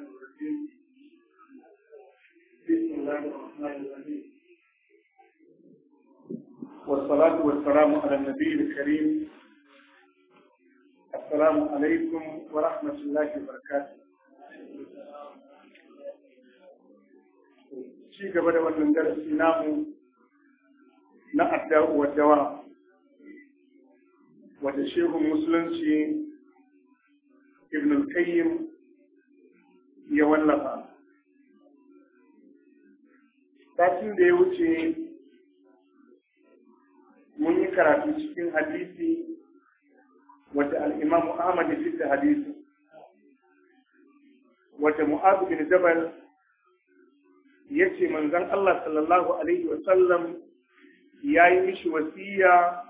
الرحمن الرحيم بسم الله الرحمن الرحيم والصلاة والسلام على النبي الكريم السلام عليكم ورحمة الله وبركاته ci gaba da wannan darasi namu na addu'a wa dawa wanda shehun musulunci ibn al-qayyim ya wallafa satin da ya wuce mun yi karatu cikin hadisi wata al’imam Muhammadu ya fita hadisi Wata mu'adu bin jabal ya ce manzan Allah sallallahu Alaihi wasallam ya yi mishi wasiya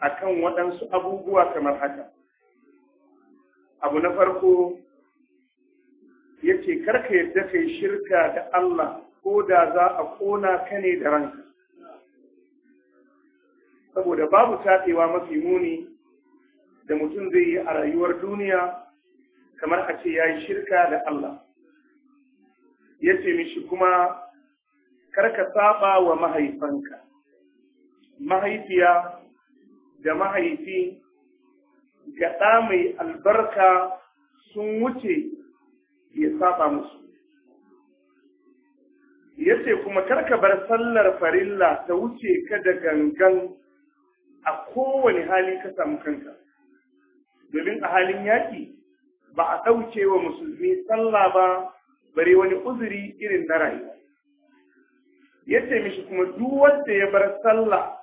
a kan waɗansu abubuwa kamar haka. Abu na farko yace ce karka yadda kai shirka da Allah ko da za a kona ka ne da ranka saboda babu taɗewa mafi muni da mutum zai yi a rayuwar duniya kamar a ce ya yi shirka da Allah yace ce mishi kuma karka saba wa mahaifanka mahaifiya da mahaifi ga mai albarka sun wuce ya saba musu Ya ce kuma karka bar sallar farilla ta wuce ka da gangan a kowane hali ka samu kanka domin a halin yaƙi ba a ɗauke wa musulmi sallah ba bare wani uzuri irin na rayuwa Ya ce mishi kuma duk wanda ya bar sallah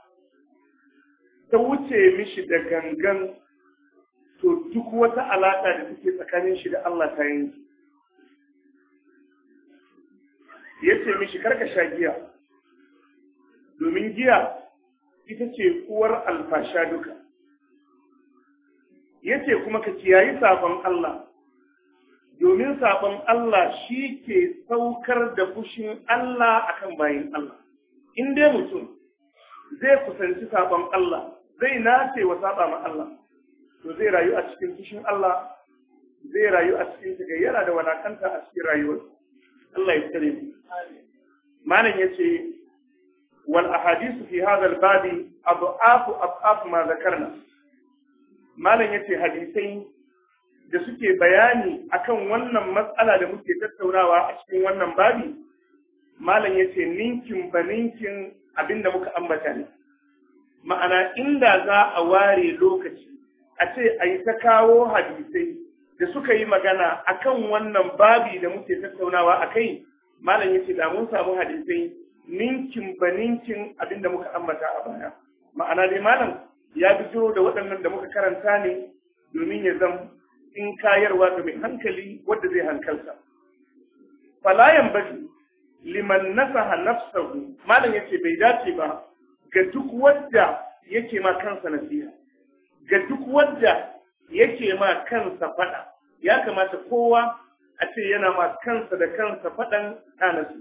ta wuce mishi da gangan to duk wata alaƙa da suke tsakanin shi da Allah ta yanki ya ce mishi karka sha giya domin giya ita ce uwar alfasha duka ya ce kuma ka kiyayi sabon Allah domin sabon Allah shi ke saukar da fushin Allah akan bayan Allah in dai mutum zai kusanci sabon Allah zai nace wa saba ma Allah to zai rayu a cikin fushin Allah zai rayu a cikin tagayyara da walakanta a cikin rayuwar Allah ya tsare mu malam yace wal ahadith fi hadha al babi adu'afu ma zakarna malam yace hadisai da suke bayani akan wannan matsala da muke tattaunawa a cikin wannan babi malam yace ninkin ba ninkin abinda muka ambata ne ma'ana inda za a ware lokaci a ce a yi ta kawo hadisai da suka yi magana akan wannan babi da muke tattaunawa a kai malam yace da mun samu hadisai ninkin ba ninkin abinda muka ambata a baya ma'ana dai malam ya bijiro da waɗannan da muka karanta ne domin ya zama in kayarwa ga mai hankali wadda zai hankalta falayan bari liman nasaha nafsahu malam yace bai dace ba ga duk wanda yake ma kansa nasiha ga duk wanda yake ma kansa fada ya kamata kowa a ce yana ma kansa da kansa faɗan ɗanansu.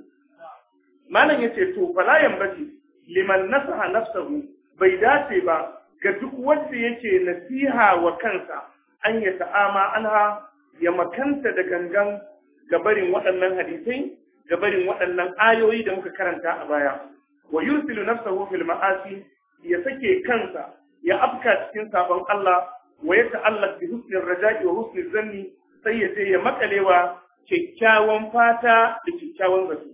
Malam ya ce, To, falayan bace, liman nasaha nafsahu bai dace ba ga duk wanda yake nasiha wa kansa an ya ta'ama anha ya makanta da gangan gabarin waɗannan hadisai, gabarin waɗannan ayoyi da muka karanta a baya. Wa yursilu nafsahu fil ma'asi ya sake kansa ya afka cikin sabon Allah wa ya ta'allaq bi husnil raja'i wa zanni sai ya je ya makalewa kyakkyawan fata da kyakkyawan zato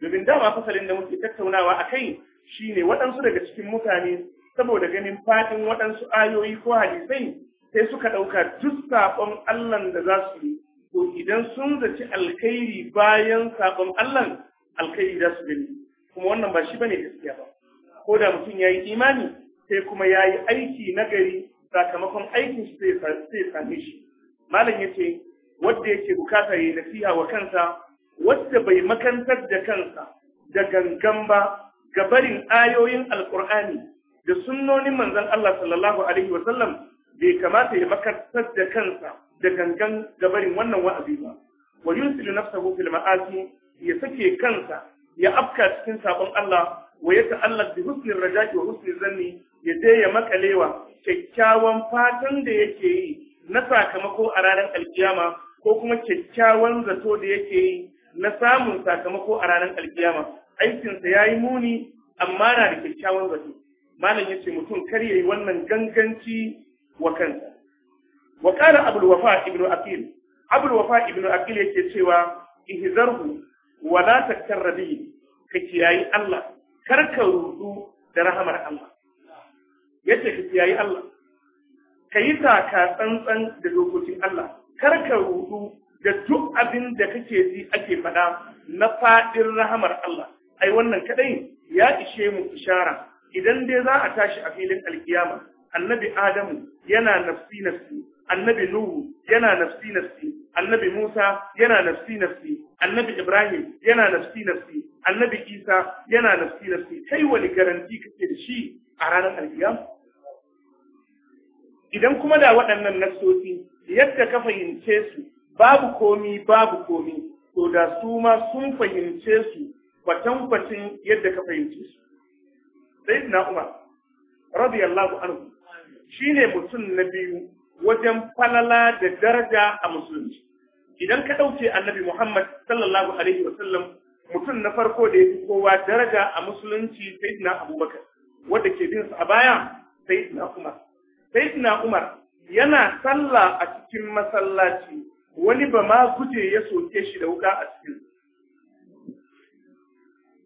domin dama fasalin da muke tattaunawa a kai shine waɗansu daga cikin mutane saboda ganin faɗin waɗansu ayoyi ko hadisai sai suka ɗauka duk saƙon Allah da za su yi to idan sun zaci alkhairi bayan saƙon Allah alkhairi za su gani kuma wannan ba shi bane gaskiya ba ko da mutum ya yi imani sai kuma ya yi aiki gari sakamakon aikin shi sai same shi malam ya ce wanda yake bukata yi nasiha wa kansa wadda bai makantar da kansa da gangan ba ga barin ayoyin alkur'ani da sunnonin manzon Allah sallallahu alaihi wa sallam bai kamata ya makantar da kansa da gangan ga barin wannan wa'azi ba wa yunsilu nafsahu fil ma'asi ya sake kansa ya afka cikin sabon Allah wa ya ta'allaq bi husni raja'i wa husni zanni ya je ya makalewa kyakkyawan fatan da yake yi na sakamako a ranar alkiyama ko kuma kyakkyawan zato da yake yi na samun sakamako a ranar alkiyama aikinsa ya yi muni amma na da kyakkyawan zato malam yace mutum kar yayi wannan ganganci wa kansa wa kana abul wafa ibn aqil abul wafa ibn aqil yake cewa ihzarhu wa la taktarra bihi ka kiyayi Allah kar ka rudu da rahamar Allah yace ka kiyayi Allah ka yi taka tsantsan da lokacin Allah karka rudu da duk abin da kake ji ake faɗa na faɗin rahamar Allah ai wannan kaɗai ya ishe mu ishara idan dai za a tashi a filin alkiyama annabi adamu yana nafsi nafsi annabi nuhu yana nafsi nafsi annabi musa yana nafsi nafsi annabi ibrahim yana nafsi nafsi annabi isa yana nafsi nafsi kai wani garanti kake da shi a ranar alkiyama idan kuma da waɗannan nafsoci yadda ka fahimce su babu komi babu komi to da su ma sun fahimce su kwatankwacin yadda ka fahimce su sai na umar radiyallahu anhu shine mutum na biyu wajen falala da daraja a musulunci idan ka ɗauke annabi muhammad sallallahu alaihi wasallam mutum na farko da ya fi kowa daraja a musulunci sai na abubakar wadda ke bin a baya sai na umar sai na umar yana sallah a cikin masallaci wani ba ma guje ya soke shi da wuka a cikin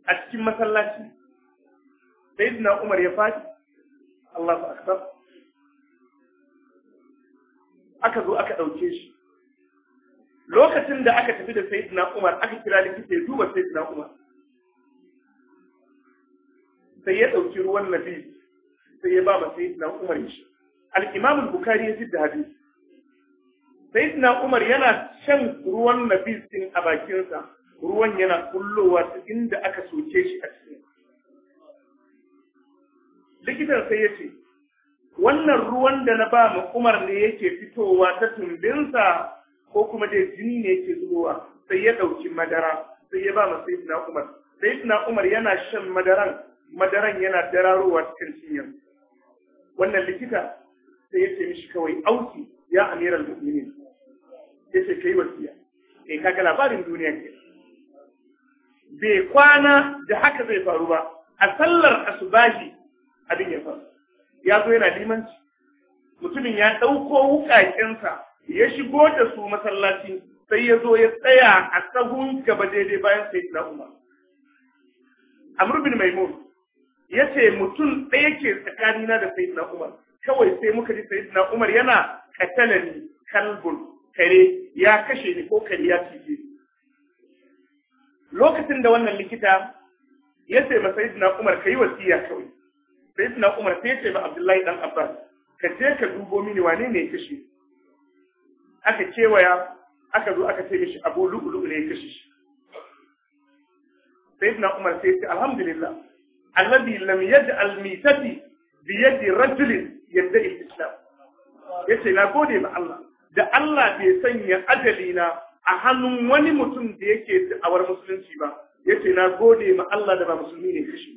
a cikin masallaci sayyidina Umar ya faɗi Allah Allahu akbar aka zo aka ɗauke shi lokacin da aka tafi da sayyidina Umar aka kira likita ya duba sayyidina Umar sai ya ɗauki ruwan nabi sai ya ba ma sayyidina Umar shi al-imam bukhari ya da hadisi sayyidina umar yana shan ruwan nabis a bakinsa ruwan yana kullowa ta inda aka soke shi a cikin likitan sai ya ce wannan ruwan da na ba mu umar ne yake fitowa ta tumbinsa ko kuma dai jini ne yake zuwa, sai ya ɗauki madara sai ya ba mu sayyidina umar sayyidina umar yana shan madaran madaran yana dararowa cikin cinyar wannan likita sai yace ce mishi kawai auki ya amiral mu'minin ya ce kai wasiya kai eh, kaga labarin duniya ke bai kwana da haka zai faru ba a sallar asubahi abin ya faru ya zo yana limanci mutumin ya ɗauko wuƙaƙensa. ya shigo da su masallaci sai ya zo ya tsaya a sahun gaba daidai bayan sai na umar amr bin maimun ya ce mutum ɗaya ke tsakanina da sai umar kawai sai muka ji na Umar yana katalani kalbun kare ya kashe ni ko kare ya cije lokacin da wannan likita ya ce ma sayyidina Umar kai wasiya kawai sayyidina Umar sai ya ce ma Abdullahi dan Abbas ka je ka dubo mini wane ne ya kashe aka ya aka zo aka ce mishi Abu Lu'lu ne ya kashe shi sayyidina Umar sai ya ce alhamdulillah alladhi lam yaj'al mitati bi yadi rajulin yadda in islam ce na gode ma Allah da Allah bai sanya ajali a hannun wani mutum da yake da'awar musulunci ba Ya ce na gode ma Allah da ba musulmi ne kashi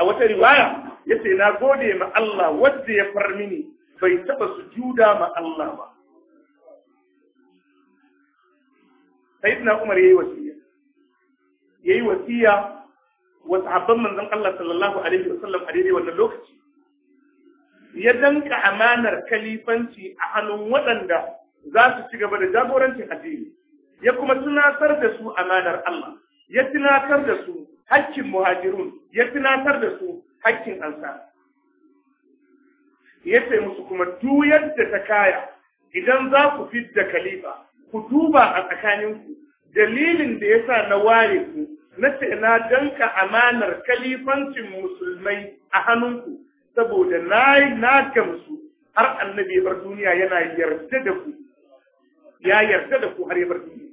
a wata riwaya ya ce na gode ma Allah wanda ya far mini bai taba sujuda ma Allah ba Sai sayyidina Umar yayi wasiya yayi wasiya wa sahabban manzon Allah sallallahu alaihi wasallam a daidai wannan lokaci ya danka amanar kalifanci a hannun waɗanda za su ci gaba da jagorancin addini ya kuma tunatar da su amanar Allah ya tunatar da su hakkin muhajirun ya tunatar da su hakkin ansa ya ce musu kuma duyar da ta kaya idan za ku fidda khalifa ku duba a tsakaninku dalilin da ya sa na ware ku na ce na danka amanar kalifancin musulmai a hannunku saboda na yi na gamsu har annabi bar duniya yana yarda da ku ya yarda da ku har ya bar duniya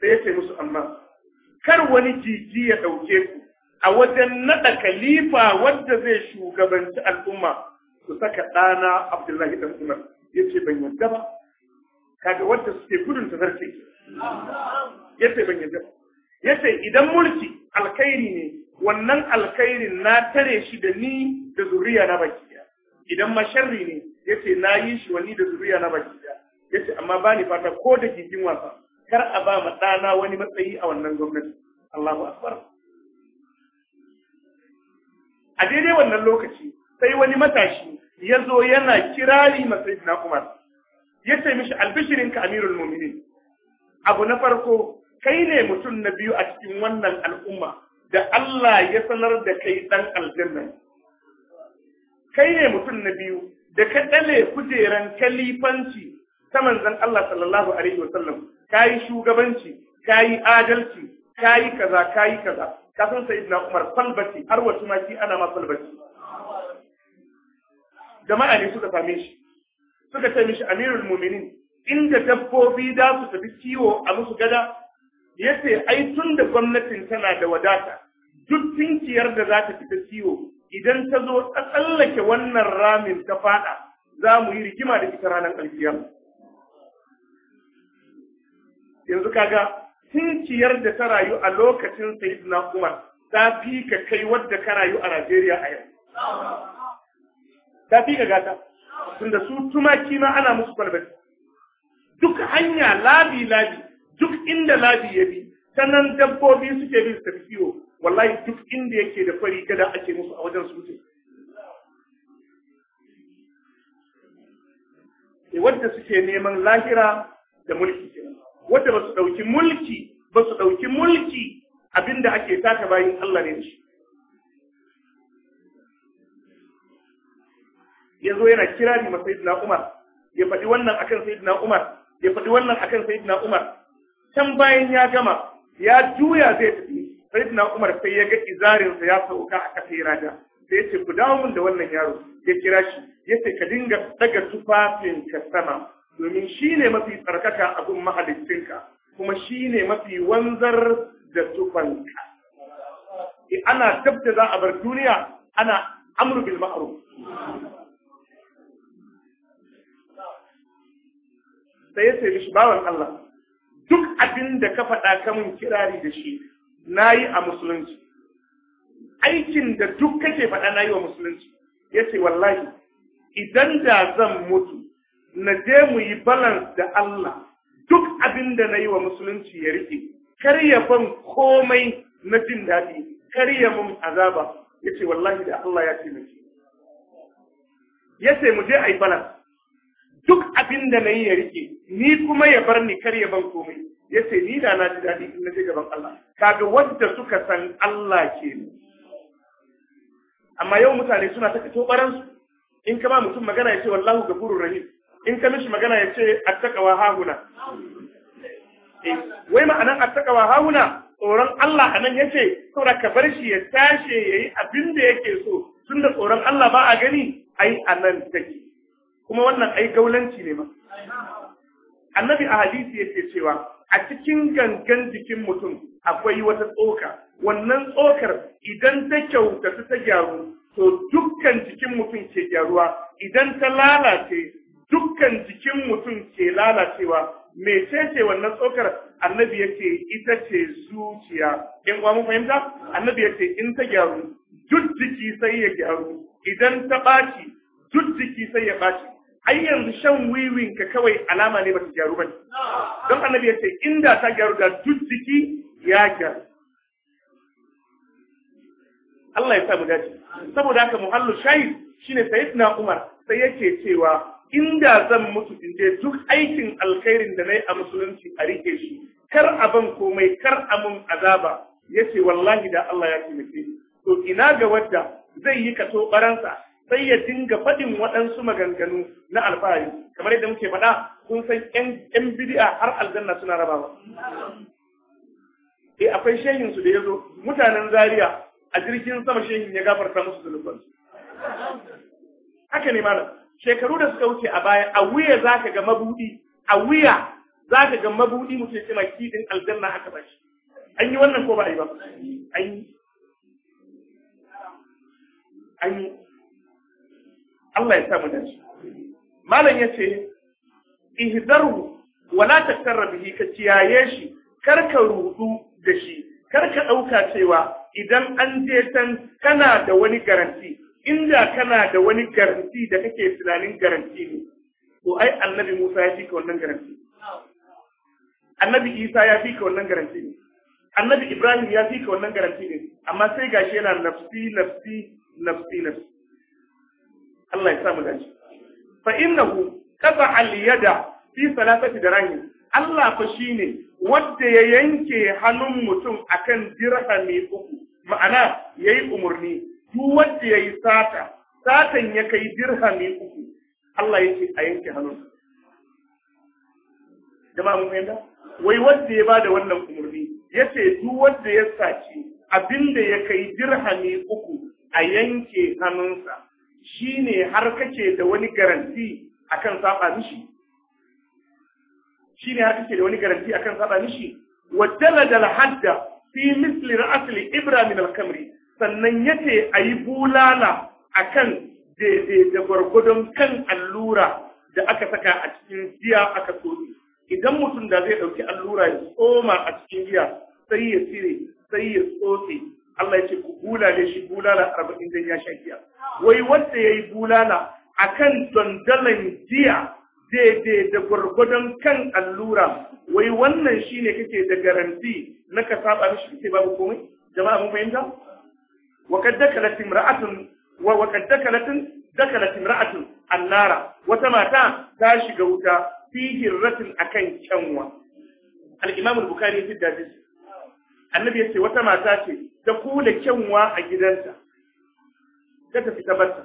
sai ya ce musu amma kar wani jiji ya ɗauke ku a wajen naɗa kalifa wanda zai shugabanci al'umma su saka ɗana abdullahi dan umar ya ce ban yarda ba kaga wanda suke gudun ta zarce ya ce ban yarda ba ya ce idan mulki alkhairi ne wannan alkhairin na tare shi da ni da zuriya na baki idan masharri sharri ne yace na yi shi wani da zuriya na baki Ya yace amma ba ni fata ko da gigin wasa kar a ba ma ɗana wani matsayi a wannan gwamnati Allahu akbar a daidai wannan lokaci sai wani matashi ya zo yana kirari masai na Umar ya ce mishi albishirin ka amirul mu'minin abu na farko kai ne mutum na biyu a cikin wannan al'umma da Allah ya sanar da kai ɗan aljanna kai ne mutum na biyu da ka ɗale kujeran kalifanci ta manzon Allah sallallahu alaihi wasallam kayi shugabanci kayi adalci kayi kaza kayi kaza ka san Ibn Umar falbati har wasu ma shi ana ma falbati jama'a ne suka same shi suka ce mishi amirul mu'minin inda dabbobi za su tafi kiwo a musu gada ya ce ai tun da gwamnatin tana da wadata duk tinkiyar da za ta fita ciwo idan ta zo ta tsallake wannan ramin ta fada za mu yi rigima da ita ranar alkiyar yanzu kaga tinkiyar da ta rayu a lokacin sayyidina umar ta fi ka kai wadda ka rayu a najeriya a yau ta fi ka gata tunda su tumaki ma ana musu kwalbati duk hanya labi labi duk inda labi ya bi sanan dabbobi suke bin su kiwo wallahi duk inda yake da fari gada ake musu a wajen su eh, wadda suke neman lahira da mulki wadda ba su ɗauki mulki ba su ɗauki mulki abinda ake taka bayin Allah ne shi ya zo yana kirari ma sayyidina Umar ya faɗi wannan akan sayyidina Umar ya faɗi wannan akan sayyidina Umar can bayan ya gama ya juya zai tafi sai na umar sai ya ga izarin sa ya sauka a kasa raja sai ce ku dawo min da wannan yaro ya kira shi ya ce ka dinga daga tufafinka sama domin shi ne mafi tsarkaka a gun mahalicinka kuma shi ne mafi wanzar da tufanka eh, ana tabbata za a bar duniya ana amru bil ma'ruf sai ya ce mishi bawan Allah duk abin da ka faɗa kamun kirari da shi na yi a musulunci aikin da duk kake faɗa na yi wa musulunci ya ce wallahi idan da zan mutu na je mu yi balans da Allah duk abin da na yi wa musulunci ya rike kar ya ban komai na jin daɗi kar ya mun azaba ya ce wallahi da Allah ya ce mace ya ce mu je a yi balans duk abin da na yi ya rike ni kuma ya bar ni kar ya ban komai Ya ce ni da na ji daɗi in na je gaban Allah kaga wanda suka san Allah ke ni amma yau mutane suna ta kato baran in ka ba mutum magana ya ce wallahu gafurur rahim in ka mishi magana ya ce takawa hahuna eh, wai ma'anan takawa hahuna tsoron Allah anan yace saboda ka bar shi ya tashe yayi abin da yake so tunda tsoron Allah ba a gani ai anan take kuma wannan ai gaulanci ne ma annabi a hadisi yake cewa a cikin gangan jikin mutum akwai wata tsoka wannan tsokar idan ta kyauta ta ta gyaru to dukkan jikin mutum ke gyaruwa idan ta lalace dukkan jikin mutum ke lalacewa ce wannan tsokar annabi yake ita ce zuciya in kwa fahimta annabi yake in ta gyaru duk jiki sai ya gyaru idan ta ɓaci duk jiki sai ya ɓaci ai yanzu shan wiwin ka kawai alama ne bata gyaru bane don annabi ya ce inda ta gyaru da duk jiki ya gyaru Allah ya sa mu dace saboda haka muhallu shahid shine sayyidina Umar sai yake cewa inda zan mutu in je duk aikin alkhairin da nayi a musulunci a rike shi kar a aban komai kar a mun azaba yace wallahi da Allah ya taimake to ina ga wadda zai yi kaso baransa sai ya dinga faɗin waɗansu maganganu na alfahari kamar yadda muke faɗa kun san ƴan bid'a har aljanna suna rabawa eh akwai shehin su da yazo mutanen Zaria a jirgin sama shehin ya gafarta musu zunuban haka ne malam shekaru da suka wuce a baya a wuya zaka ga mabudi a wuya zaka ga mabudi mutum ya ce maki din aljanna aka bashi an yi wannan ko ba a yi ba an yi Allah ya sa mu dace malam yace ihdaru wala takarra bihi ka ciyaye shi kar ka rudu da shi kar ka dauka cewa idan an je can kana da wani garanti inda kana da wani garanti da kake tunanin garanti ne to ai annabi Musa ya fika wannan garanti annabi Isa ya fika wannan garanti ne annabi Ibrahim ya fika wannan garanti ne amma sai gashi yana nafsi nafsi nafsi nafsi Allah ya samu dace fa innahu kaza al yada fi salatati dirahim Allah fa shine wanda ya yanke hannun mutum akan dirhami uku ma'ana yayi umurni duk wanda yayi sata satan ya kai dirhami uku Allah yake a yanke hannun jama'a mun fahimta wai wanda ya bada wannan umurni yace duk wanda ya saci abinda ya kai dirhami uku a yanke hannunsa shi ne har kake da wani garanti akan saba mishi shi ne har kake da wani garanti akan saba mishi wa dalal hadda fi misli ra'asli ibra min al-kamri sannan yace ayi bulala akan daidai da gwargwadon kan allura da aka saka a cikin giya aka tsotse idan mutum da zai dauki allura ya tsoma a cikin giya sai ya cire sai ya tsotse Allah ya ce ku bulale shi bulala arba'in dan ya sha giya wai wanda yi bulala akan dandalan giya daidai da gwargwadon kan allura wai wannan shi shine kake da garanti na ka saba mishi kake babu komai jama'a mun fahimta wa kad dakalat imra'atun wa annara wata mata ta shiga wuta fi hirratin akan kyanwa al-imam al-bukhari fi hadisi annabi ya ce wata mata ce ta kula kyanwa a gidanta ta tafi ta barta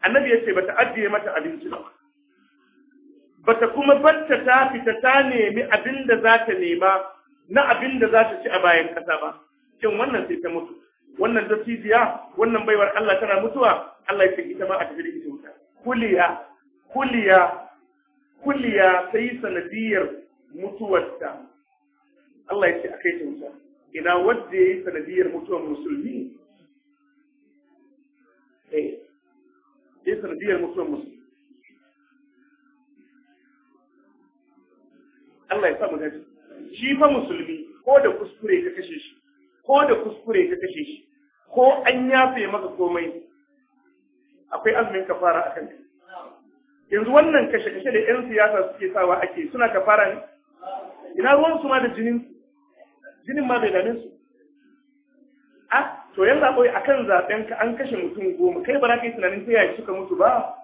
annabi ya ce bata ajiye mata abinci ba bata kuma barta ta fita ta nemi abin da za ta nema na abin da za ta ci a bayan ƙasa ba kin wannan sai ta mutu wannan dattijiya wannan baiwar Allah tana mutuwa Allah ya ce ita ma a tafi da ita wuta kuliya kuliya kuliya sai sanadiyar mutuwarta Allah ya ce a kai ta wuta ina wadda ya yi sanadiyar mutuwar musulmi eh, ya sanadiyar mutuwar musulmi Allah ya samu gaji shi fa musulmi ko da kuskure ka kashe shi ko da kuskure ka kashe shi ko an yafe maka komai akwai azumin kafara a kan yanzu wannan kashe-kashe da 'yan siyasa suke sawa ake suna kafara ne ina ruwan su ma da jinin jinin ma bai dame su a to yanzu akwai kan zaɓen ka an kashe mutum goma kai ba za ka yi tunanin ta yaya suka mutu ba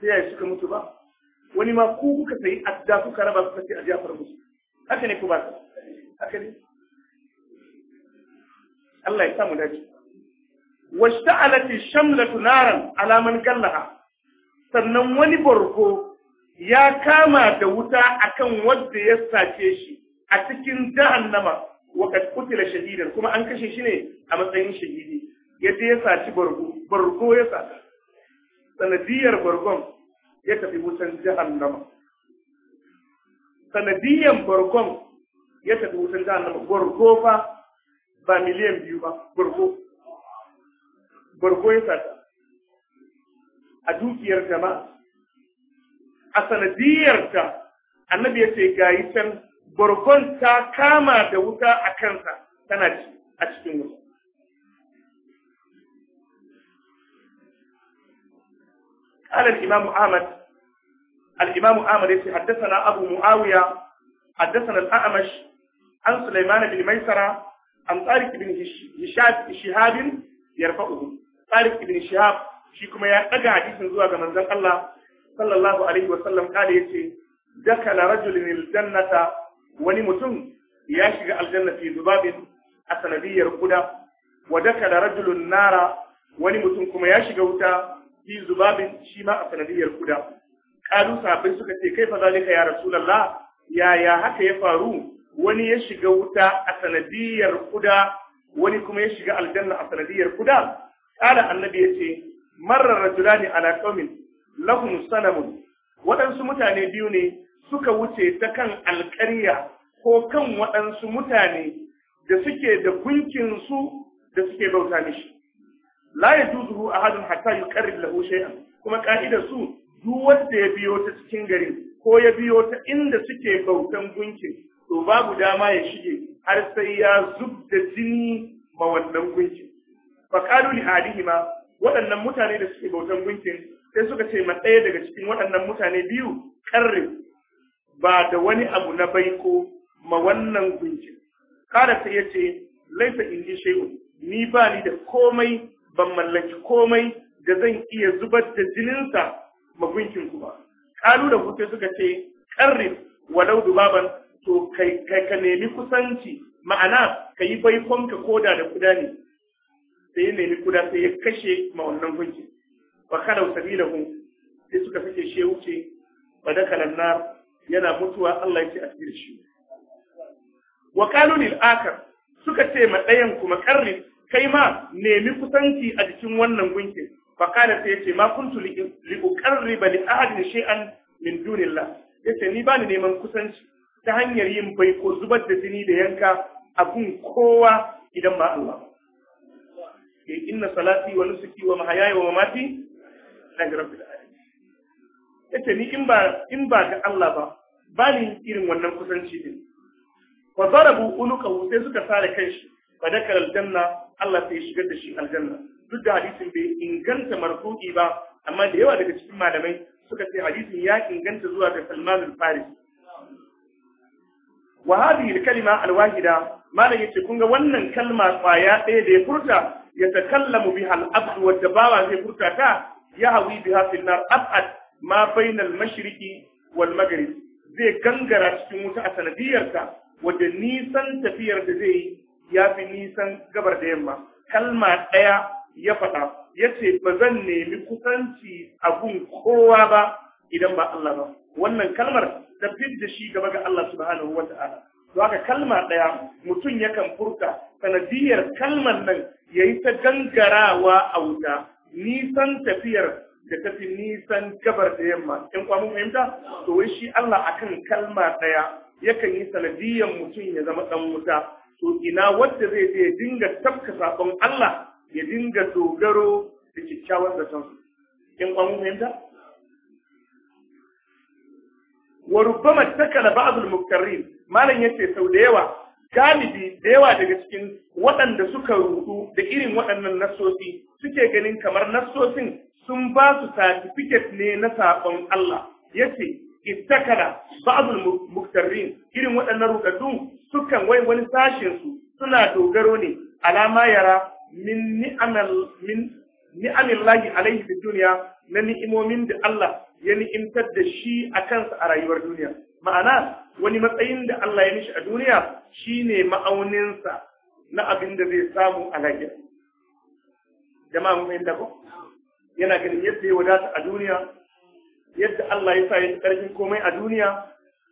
ta yaya suka mutu ba wani ma ku kuka sayi adda kuka raba kuka ce a jafar musu haka ne ku ba haka ne Allah ya samu dace washta'alati shamlatu naran ala man sannan wani barko ya kama da wuta akan wanda ya sace shi a cikin jahannama wa kad kutila shahidan kuma an kashe shi ne a matsayin shahidi yadda ya saci bargo bargo ya saka sanadiyar bargon ya tafi wutan jahannama Sanadiyar bargon ya tafi wutan jahannama bargo fa ba miliyan biyu ba bargo bargo ya saka a dukiyar jama'a a sanadiyar ta annabi ya ce gayi can bargon ta kama da wuta a kansa tana a cikin wuta. قال الإمام أحمد الإمام أحمد حدثنا أبو معاوية حدثنا الأعمش عن سليمان بن ميسرة عن طارق بن هشام شهاب يرفعه طارق بن شهاب shi kuma ya ɗaga hadisin zuwa ga manzon Allah sallallahu alaihi wa sallam kale yace dakala rajulun wani mutum ya shiga aljanna fi zubabin a sanadiyar kuda wa dakala rajulun nara wani mutum kuma ya shiga wuta fi zubabin shi ma a sanadiyar kuda kalu sahabbai suka ce kai fa zalika ya rasulullah yaya haka ya faru wani ya shiga wuta a sanadiyar kuda wani kuma ya shiga aljanna a sanadiyar kuda kala annabi ya ce marar rajulani ala qaumin lahum sanamun waɗansu mutane biyu ne suka wuce ta kan alƙarya ko kan waɗansu mutane da suke da gunkinsu da suke bauta mishi. La ya juzuhu a hadin hatta yi ƙarrin lahu shay'an kuma ƙa'idar su duk wanda ya biyo ta cikin gari ko ya biyo ta inda suke bautan gunkin to babu dama ya shige har sai ya zub da jini ma wannan gunkin. Faƙalu li ma waɗannan mutane da suke bautan gunkin sai suka ce ma ɗaya daga cikin waɗannan mutane biyu karre ba da wani abu na baiko ma wannan gunkin kada sai ya ce laifa indi shay'un ni ba ni da komai ban mallaki komai da zan iya zubar da jininsa ma gunkin ku ba kalu da kuke suka ce karrin walau dubaban to kai ka nemi kusanci ma'ana ka yi baikon ka koda da kuda ne sai ya nemi kuda sai ya kashe ma wannan gunkin fa khalau sabilahu sai suka fice Shehu wuce fa dakalan nar yana mutuwa Allah ya ce a cikin shi wa qalunil akar suka ce ma ɗayan kuma karni kai ma nemi kusanci a jikin wannan gunkin fa kana sai yace ma kuntu li uqarriba li ahadin shay'an min dunillah yace ni bani neman kusanci ta hanyar yin bai ko zubar da jini da yanka a gun kowa idan ba Allah inna salati wa nusuki wa mahayaya wa mamati lillahi yace ni in ba in ba ga Allah ba ba ni irin wannan kusanci din wa darabu unuqahu sai suka sare kanshi fa dakal aljanna Allah sai shigar da shi aljanna duk da hadisin bai inganta marfu'i ba amma da yawa daga cikin malamai suka ce hadisin ya inganta zuwa ga Salman al-Farisi wa hadhihi al-kalima al-wahida malam yace kun ga wannan kalma kwaya ɗaya da ya furta ya takallamu biha al-abd wa dabawa zai furta ta ya hawi biha fil nar abad ma bainal Walmagari, wal zai gangara cikin wuta a sanadiyarsa wajen nisan tafiyar da zai yi ya fi nisan gabar da yamma kalma ɗaya ya faɗa ya ce ba zan nemi kusanci abun kowa ba idan ba Allah ba wannan kalmar ta da shi gaba ga Allah subhanahu wa ta'ala to haka kalma ɗaya mutum yakan furta sanadiyar kalmar nan ya yi ta gangarawa a wuta nisan tafiyar da tafi nisan gabar da yamma in kwa fahimta to wai shi Allah akan kalma daya yakan yi sanadiyan mutum ya zama dan wuta to ina wanda zai je dinga tafka sabon Allah ya dinga dogaro da kikkiawar zaton in kwa mun fahimta wa rubbama takala ba'd al malan yace sau da yawa galibi da yawa daga cikin waɗanda suka rudu da irin waɗannan nassosi suke ganin kamar nassosin sun ba su certificate ne na saƙon Allah yace ittakala ba'dul muktarrin irin waɗannan rudaddun sukan wai wani sashin su suna dogaro ne alama yara min ni'amal min ni'amillahi alaihi fi duniya na ni'imomin da Allah ya ni'imtar da shi a sa a rayuwar duniya ma'ana wani matsayin da Allah ya mishi a duniya shine ma'auninsa na abin da zai samu a jama'a mun fahimta ko yana ganin yadda ya wadata a duniya yadda Allah ya sa ya karfin komai a duniya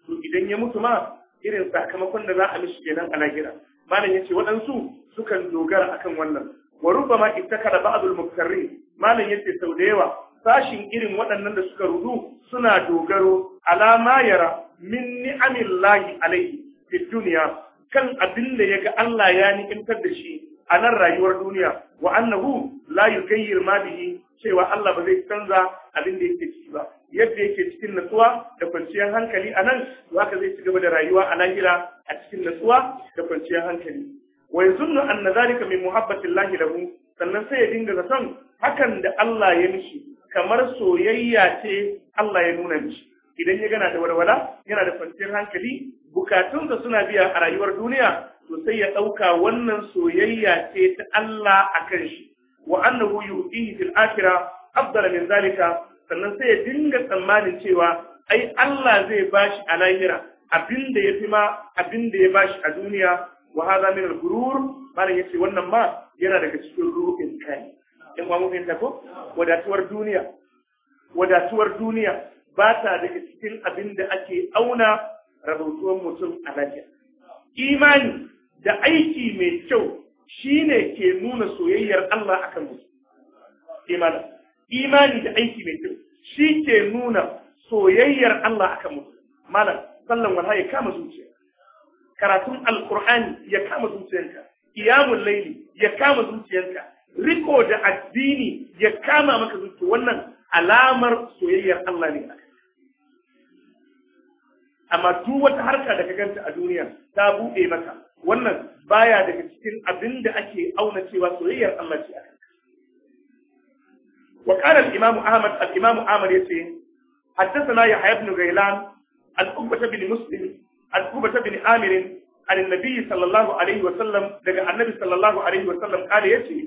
to idan ya mutu ma irin sakamakon da za a mishi kenan a lahira malam yace waɗansu sukan dogara akan wannan wa ma ittakara ba'dul muftarrin malam yace sau da yawa sashin irin waɗannan da suka rudu suna dogaro alama yara min ni'amillahi alaihi fi duniya kan abin da ga Allah ya ni'imtar da shi a nan rayuwar duniya wa annahu la yukayyir ma bihi cewa Allah ba zai canza abin da yake ciki ba yadda yake cikin natsuwa da kwanciyar hankali a nan zaka zai ci gaba da rayuwa a lahira a cikin natsuwa da kwanciyar hankali wa yazunnu anna zalika min da lahu sannan sai ya dinga zaton hakan da Allah ya mishi kamar soyayya ce Allah ya nuna mishi idan ya gana da walwala yana da kwanciyar hankali bukatunsa suna biya a rayuwar duniya to sai ya ɗauka wannan soyayya ce ta Allah a kan shi wa annahu yu'tihi fil akhirah afdala min zalika sannan sai ya dinga tsammanin cewa ai Allah zai bashi a lahira abinda ya fi ma abinda ya bashi a duniya wa hadha min al-ghurur malam yace wannan ma yana daga cikin ruhin kai in ba mu fahimta ko wadatuwar duniya wadatuwar duniya ba ta daga cikin abin da ake auna rabautuwan mutum a lafiya. Imani da aiki mai kyau shine ke nuna soyayyar Allah akan mutum. Imani. Imani da aiki mai kyau shi ke nuna soyayyar Allah akan mutum. Malam, sallan wala ya kama zuciya. Karatun Alƙur'ani ya kama zuciyarka. Iyamun laili ya kama zuciyarka. Riko da addini ya kama maka zuciya wannan alamar soyayyar Allah ne akan. amma duk wata harka da ka ganta a duniya ta buɗe maka wannan baya daga cikin abin da ake auna cewa soyayyar Allah ce akan wa qala al-imam Ahmad al-imam Ahmad yace haddathana Yahya ibn Ghailan al-Ubbah bin Muslim al-Ubbah bin Amir عن النبي صلى الله عليه وسلم دقى النبي صلى الله عليه وسلم قال يشي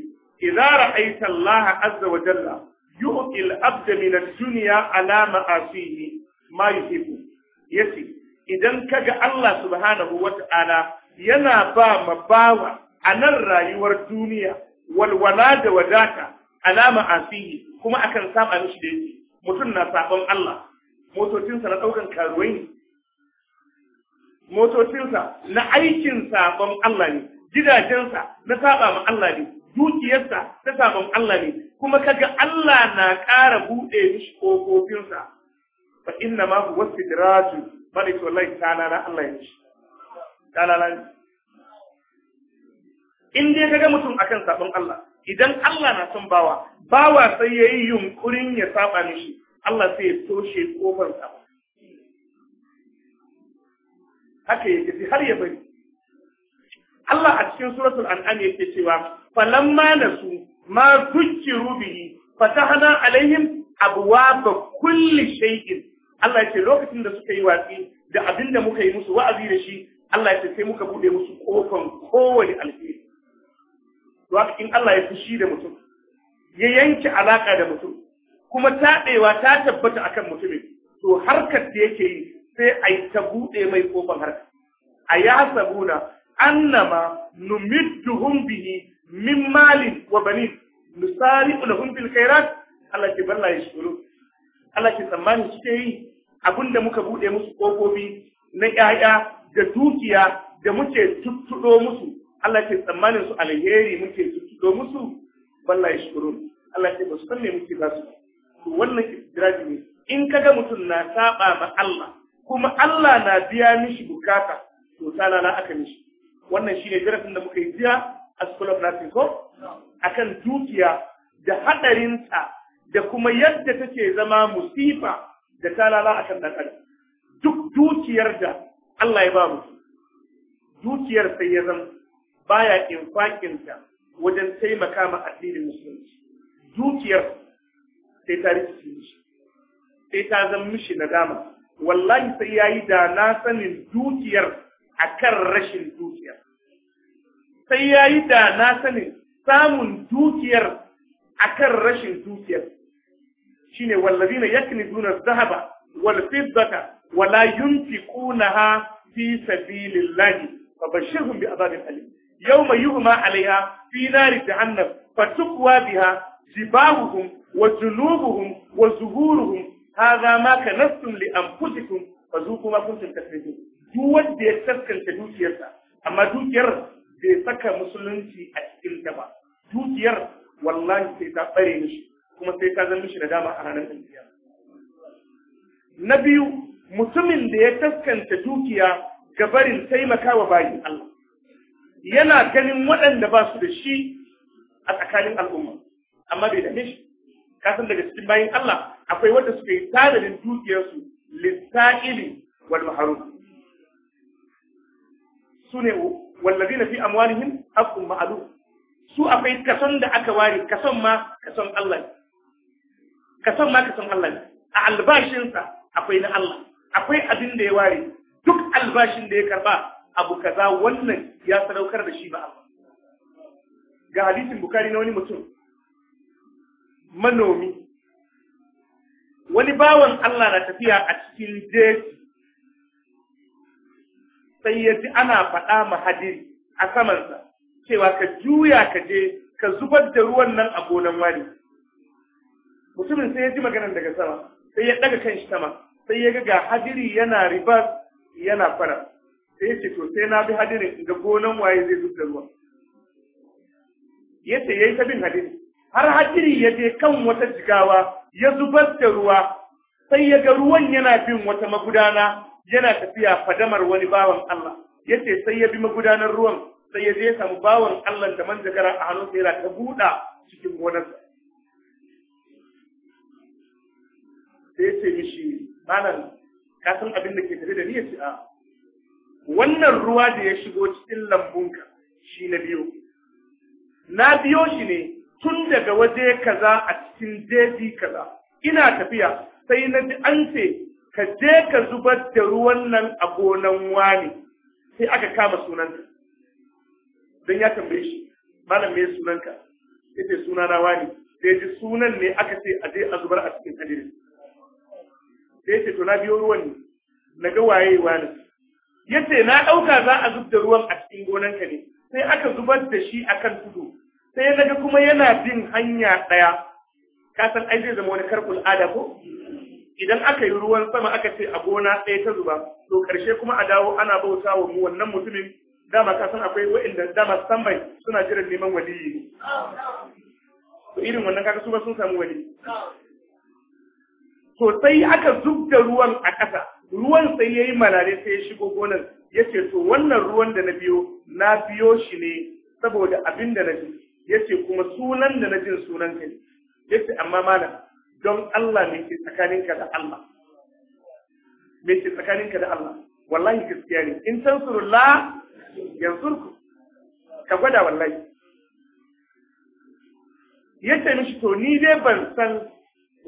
إذا رأيت الله عز وجل يؤتي الأبد من الدنيا على معاصيه ما يحبه yace idan kaga Allah subhanahu wata'ala yana ba ma bawa a nan rayuwar duniya walwala da wadata alama asihi kuma akan saba mishi da yake mutum na sabon Allah motocinsa na daukan karuwai ne motocinsa na aikin sabon Allah ne gidajensa na saba ma Allah ne dukiyarsa ta sabon Allah ne kuma kaga Allah na ƙara buɗe mishi ƙofofinsa fa inna ma huwa sidratu bane to wallahi na Allah ya ci in dai kaga mutum akan sabon Allah idan Allah na son bawa bawa sai yayi yunkurin ya saba mishi Allah sai ya toshe kofar sa haka yake har ya bari Allah a cikin suratul an'am yake cewa falamma nasu ma zukkiru bihi fatahna alaihim abwaaba kulli shay'in Allah ya ce lokacin da suka yi watsi da abin da muka yi musu wa'azi da shi Allah ya ce sai muka bude musu kofan kowane alheri to haka Allah ya fushi da mutum ya yanke alaka da mutum kuma taɗewa ta tabbata akan mutumin to harkar da yake yi sai a yi ta bude mai kofan harka. a ya sabuna annama numidduhum bihi min malin wa bani nusari'u lahum bil khairat Allah ke balla ya Allah ke tsammani suke yi abin da muka buɗe musu ƙofofi na ƴaƴa da dukiya da muke tuttuɗo musu Allah ke tsammanin su alheri muke tuttuɗo musu wallahi shukuru. Allah ke ba su san muke ba su to wannan istiraji ne in kaga mutum na saba ma Allah kuma Allah na biya mishi bukata to sana na aka mishi wannan shine darasin da muka yi jiya a school of nursing ko akan dukiya da ta da kuma yadda take zama musifa da talala a kan ɗan duk dukiyar da Allah ya ba mu dukiyar sai ya zama baya infakinta wajen taimaka ma addinin musulunci dukiyar sai ta rikice mishi sai ta zama mishi nadama wallahi sai yayi da na sanin dukiyar akan rashin dukiyar sai yayi da na sanin samun dukiyar akan rashin dukiyar shine wallazina yaknizuna dhahaba wal fiddata wala yunfiqunaha fi sabilillahi fabashshirhum bi'adabin alim yawma yuhma 'alayha fi nari jahannam fatukwa biha jibahuhum wa junubuhum wa zuhuruhum hadha ma kanastum li anfusikum fazuqu ma kuntum tasrifun duk wanda ya tsarkanta dukiyarsa amma dukiyar bai saka musulunci a cikin ta ba dukiyar wallahi sai ta bare mishi kuma sai ka zama mishi da dama a ranar aljiya na biyu mutumin da ya taskanta dukiya ga barin taimakawa bayi Allah yana ganin waɗanda ba su da shi a tsakanin al'umma amma bai dame shi kasan daga cikin bayin Allah akwai wanda suka yi tanadin dukiyarsu lissa'ili wal maharum su ne na fi amwalihim haƙƙun ma'adu. su akwai kason da aka ware kason ma kason Allah ka san ma ka san Allah ne a albashinsa akwai na Allah akwai abin da ya ware duk albashin da ya karba abu kaza wannan ya sadaukar da shi ba Allah ga hadisin bukari na wani mutum manomi wani bawan Allah na tafiya a cikin jeji sai ya ji ana faɗa mahadiri a samansa cewa ka juya ka je ka zubar da ruwan nan a gonan wani mutumin sai ya ji maganar daga sama sai ya daga kan shi sama sai ya ga hadiri yana ribas yana fara sai ya ce to sai na bi hadirin ga gonan waye zai zub da ruwa yace yayi ta bin hadiri har hadiri ya je kan wata jigawa ya zubar da ruwa sai ya ga ruwan yana bin wata magudana yana tafiya fadamar wani bawan Allah Ya ce sai ya bi magudanar ruwan sai ya je samu bawan Allah da manjagara a sai yana ta buɗa cikin gonarsa sai ya ce mishi malam ka san abin da ke tare da ni ya ce a wannan ruwa da ya shigo cikin lambunka shi na biyo na biyo shi ne tun daga waje kaza a cikin jeji kaza ina tafiya sai na ji an ce ka je ka zubar da ruwan nan a gonan wani sai aka kama sunanta don ya tambaye shi malam me sunanka sai sunana suna na wani sai ji sunan ne aka ce a je a zubar a cikin hadiri da ya ce to na biyo ruwan ne na ga waye wani ya ce na ɗauka za a zub da ruwan a cikin gonanka ne sai aka zubar da shi akan tudu sai na ga kuma yana bin hanya ɗaya ka san ai zai zama wani karɓul ada ko idan aka yi ruwan sama aka ce a gona ɗaya ta zuba to ƙarshe kuma a dawo ana bauta wa mu wannan mutumin dama ka san akwai wa'inda dama standby suna jiran neman waliyi to irin wannan kaga su ba sun samu waliyi to sai aka zub da ruwan a ƙasa ruwan sai ya yi malale sai ya shigo gonar ya ce to wannan ruwan da na biyo na biyo shi ne saboda abin da na ji ya ce kuma sunan da na jin sunan ka ne ya ce amma malam don Allah ne ke tsakaninka da Allah me ke tsakaninka da Allah wallahi gaskiya ne in tansurullah ku, ka gwada wallahi ya ce mishi to ni dai ban san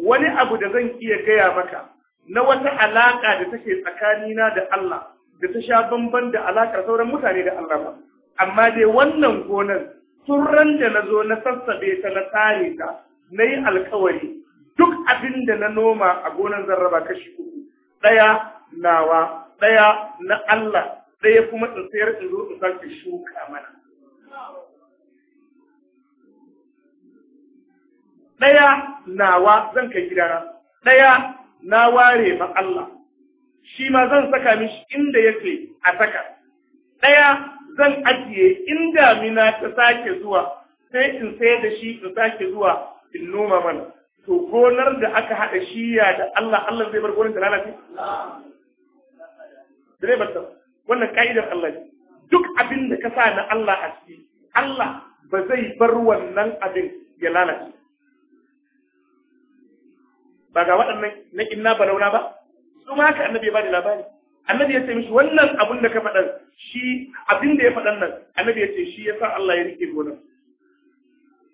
wani abu da zan iya gaya maka na wata alaƙa da take tsakanina da Allah da ta sha bamban da alaƙar sauran mutane da Allah ba. Amma dai wannan gonan tun ran da na zo na sassabe ta na tare ta na yi alkawari duk abin da na noma a gonan zan raba kashi uku ɗaya nawa ɗaya na Allah ɗaya kuma in sayar in zo in sake shuka mana. ɗaya nawa zan kai gidana ɗaya na ware ma Allah shi ma zan saka mishi inda yake a saka ɗaya zan ajiye inda mina ta sake zuwa sai in sai da shi in sake zuwa in noma mana to gonar da aka haɗa shiya da Allah Allah zai bar gonar da lalace direbar ta wannan ka'idar Allah ne duk abin da ka sa na Allah a ciki Allah ba zai bar wannan abin ya lalace ba ga waɗannan na inna balauna ba su ma haka annabi ya da labari annabi ya ce mishi wannan abin da ka faɗan shi abin da ya faɗan nan annabi ya ce shi ya sa Allah ya rike gonar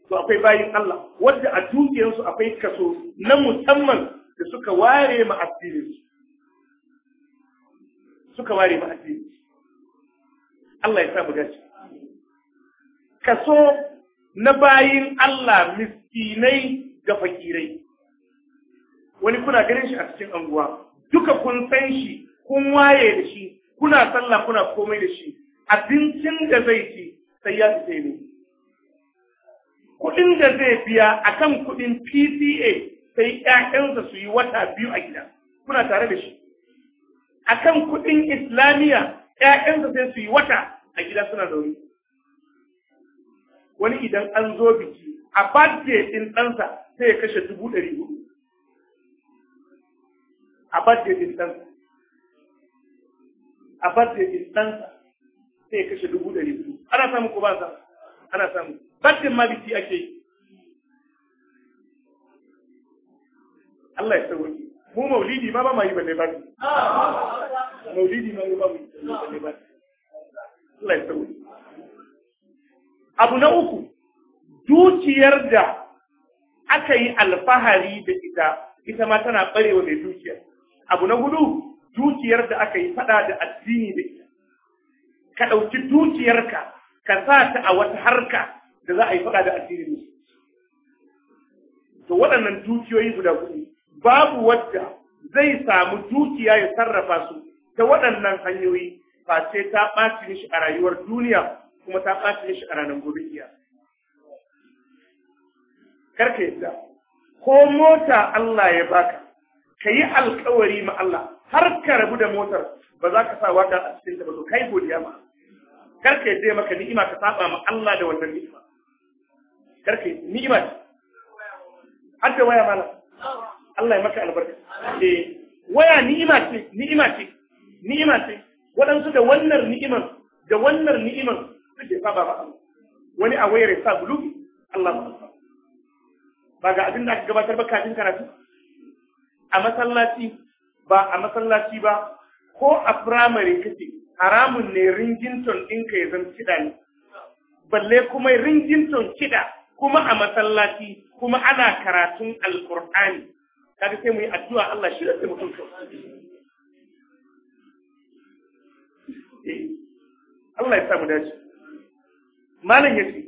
to akwai bayin Allah wanda a dukiyarsu akwai kaso na musamman da suka ware ma addini suka ware ma addini Allah ya sa mu dace kaso na bayin Allah miskinai ga fakirai wani kuna ganin shi a cikin anguwa duka kun san shi kun waye da shi kuna sallah kuna komai da shi abincin da zai ci sai ya fita ne kuɗin da zai biya kan kuɗin PCA sai ƴaƴansa su yi wata biyu a gida kuna tare da shi akan kuɗin Islamiyya ƴaƴansa sai su yi wata a gida suna zaune wani idan an zo biki a birthday ɗin ɗansa sai ya kashe dubu ɗari hudu bar da distance a bar da distance sai ya kashe dubu ɗari biyu ana samu ko ba sa ana samu batin ma biki ake yi Allah ya sauke mu maulidi ma ba ma yi balle ba maulidi ma ba mu yi balle ba Allah ya sauke abu na uku dukiyar da aka yi alfahari da ita ita ma tana barewa mai dukiyar abu na hudu dukiyar da aka yi fada da addini da ita ka ɗauki dukiyarka ka sa ta a wata harka da za a yi fada da addini musu to waɗannan dukiyoyi guda hudu babu wadda zai samu dukiya ya sarrafa su ta waɗannan hanyoyi ba sai ta ɓaci shi a rayuwar duniya kuma ta ɓaci shi a ranar gobe kiyama karka yadda ko mota Allah ya baka ka yi alkawari ma Allah har ka rabu da motar ba za ka sa waka a cikin ta ba to kai godiya ma kar ka yadda maka ni'ima ka saba ma Allah da wannan ni'ima kar ka ni'ima ce har da waya mala Allah ya maka albarka eh waya ni'ima ce ni'ima ce ni'ima ce waɗansu da wannan ni'imar da wannan ni'imar suke saba ma Allah wani a wayar ya sa bulu Allah ba ba ga abin da aka gabatar ba kafin karatu a masallaci ba a masallaci ba ko a firamare kace haramun ne ringinton ɗinka ya zama kiɗa ne balle kuma ringinton kiɗa kuma a masallaci kuma ana karatun alkur'ani kaga sai mu yi addu'a Allah shi da mutum eh, Allah ya sa mu dace malam yace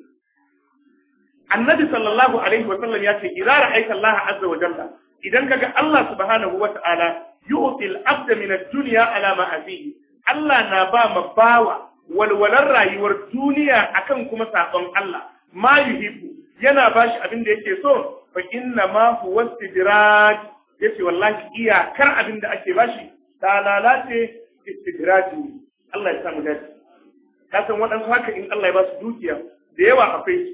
annabi sallallahu alaihi wa sallam ya ce idza ra'aita Allah azza wa jalla idan kaga Allah subhanahu wata'ala yu'til abda min ad-dunya ala ma afihi Allah na ba ma bawa walwalar rayuwar duniya akan kuma sabon Allah ma yuhibbu yana bashi abin da yake so fa inna ma huwa istidraj yace wallahi iyakar abin da ake bashi da lalace istidraji Allah ya samu dace ka san waɗansu haka in Allah ya ba su dukiya da yawa akwai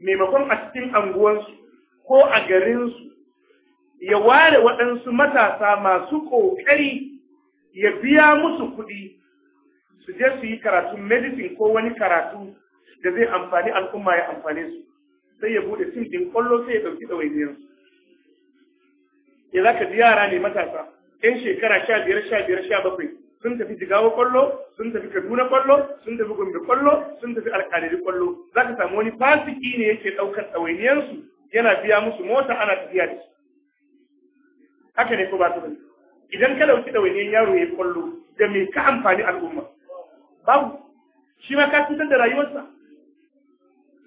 maimakon a cikin anguwansu ko a garinsu ya ware waɗansu matasa masu ƙoƙari ya biya musu kuɗi su je su yi karatu medicine ko wani karatu da zai amfani al'umma ya amfane su sai ya buɗe tim ɗin ƙwallo sai ya ɗauki ɗawainiyarsu ya za ka ji yara ne matasa yan shekara sha biyar sha biyar sha bakwai sun tafi jigawa ƙwallo, sun tafi kaduna ƙwallo, sun tafi gombe ƙwallo, sun tafi alkalari ƙwallo, za ka samu wani fasiki ne yake ɗaukar su yana biya musu mota ana tafiya da su haka ne ko ba su bane idan ka dauki ɗawainiyar yaro ya kwallo da me ka amfani al'umma babu shi ma ka cutar da rayuwarsa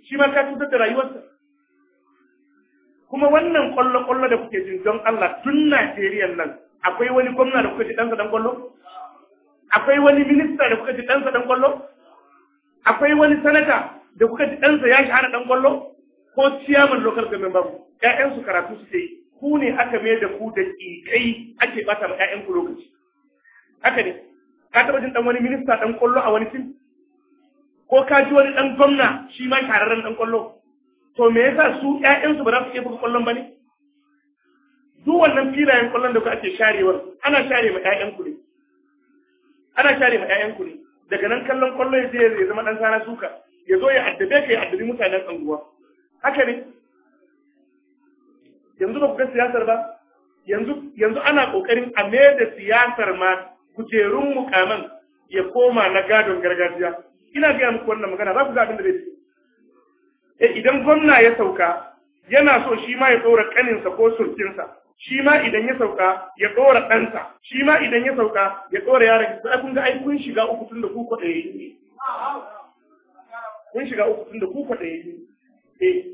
shi ma ka cutar da rayuwarsa kuma wannan kwallo kwallo da kuke jin don Allah tun Najeriya nan akwai wani gwamna da kuka ji ɗansa dan kwallo akwai wani minista da kuka ji ɗansa dan kwallo akwai wani sanata da kuka ji ɗansa ya shahara dan kwallo ko ciyaman local government babu ƴaƴansu karatu ke yi ku ne aka mai da ku da ƙiƙai ake ɓata ma 'ya'yanku lokaci haka ne ka taɓa jin ɗan wani minista ɗan ƙwallo a wani fim ko ka ji wani ɗan gwamna shi ma shahararren ɗan ƙwallo to me yasa su ƴaƴansu ba za su iya buga ƙwallon ba ne duk wannan filayen ƙwallon da ku ake sharewar ana share ma ƴaƴanku ne ana share ma ƴaƴanku ne daga nan kallon ƙwallo ya je ya zama ɗan sana suka ya zo ya addabe ka ya addabi mutanen anguwa haka ne yanzu ba ku ga siyasar ba yanzu yanzu ana kokarin a mai da siyasar ma kujerun mukaman ya koma na gadon gargajiya ina gaya muku wannan magana za ku ga abin da zai ce eh, idan gwamna ya sauka yana so shi ma ya ɗora kaninsa ko surkinsa shi ma idan ya sauka ya ɗora ɗansa shi ma idan ya sauka ya ɗora yaran ki sai kun ga ai kun shiga uku tun da ku kwaɗa yayi ne kun shiga uku tun da ku kwaɗa yayi ne eh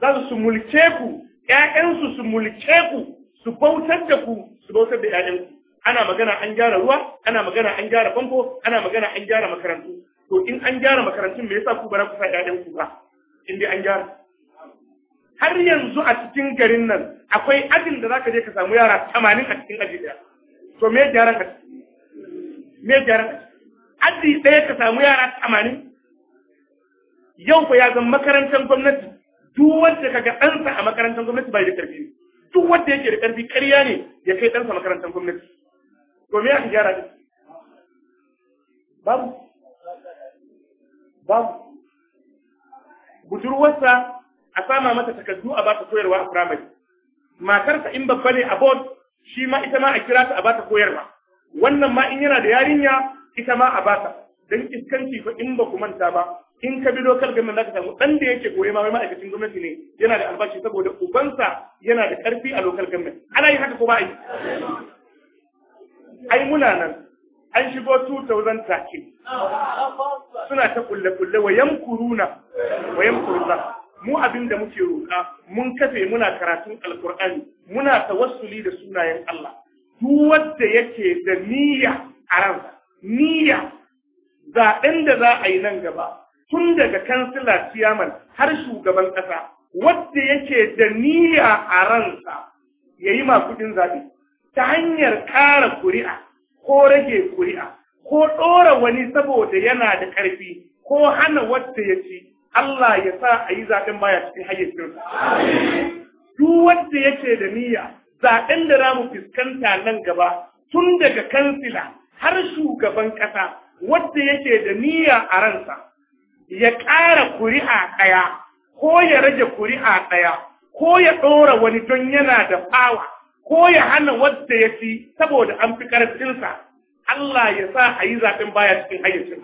za su mulke ku ‘ya'yansu su mulke ku, su bautar da ku, su bautar da ‘ya'yanku. Ana magana an gyara ruwa, ana magana an gyara famfo, ana magana an gyara makarantu. To in an gyara makarantun me yasa ku bara ku sa ‘ya'yanku ba, in dai an gyara. Har yanzu a cikin garin nan akwai ajin da zaka je ka samu yara tamanin a cikin aji ɗaya. To me gyaran a Me gyaran a ciki? Aji ɗaya ka samu yara tamanin. Yau fa ya zama makarantar gwamnati duk wanda kaga ɗansa a makarantar gwamnati bai da karfi ne duk wanda yake da karfi ƙarya ne ya kai ɗansa makarantar gwamnati to me aka gyara babu babu budurwarsa a sama mata takardu a bata koyarwa a firamare matarsa in babba ne a board shi ma ita ma a kira ta a bata koyarwa wannan ma in yana da yarinya ita ma a bata dan iskanci fa in ba ku manta ba in ka bi dokar za ka samu dan da yake goye ma mai ma'aikacin gwamnati ne yana da albashi saboda ubansa yana da karfi a lokal gamin ana yin haka ko ba yi ai muna nan an shigo 2013 suna ta kulle kulle wa kuruna, wa yamkuruna mu abin da muke roƙa mun kafe muna karatun alkur'ani muna tawassuli da sunayen Allah duk wanda yake da niyya a ransa niyya zaɓen da za a yi nan gaba tun daga kansila ciyaman har shugaban ƙasa wadda yake da niyya a ransa ya yi makudin zaɓe ta hanyar ƙara ƙuri'a ko rage ƙuri'a ko ɗora wani saboda yana da ƙarfi ko hana wadda ya ci Allah ya sa a yi zaɓen baya cikin hayyacinsa. Duk wadda yake da niyya zaɓen da za mu fuskanta nan gaba tun daga kansila har shugaban ƙasa wadda yake da niyya a ransa ya ƙara kuri'a ɗaya ko ya rage kuri'a ɗaya ko ya ɗora wani don yana da fawa ko ya hana wadda ya fi saboda an fi ƙarfinsa Allah ya sa a yi zaɓen baya cikin hayyacin.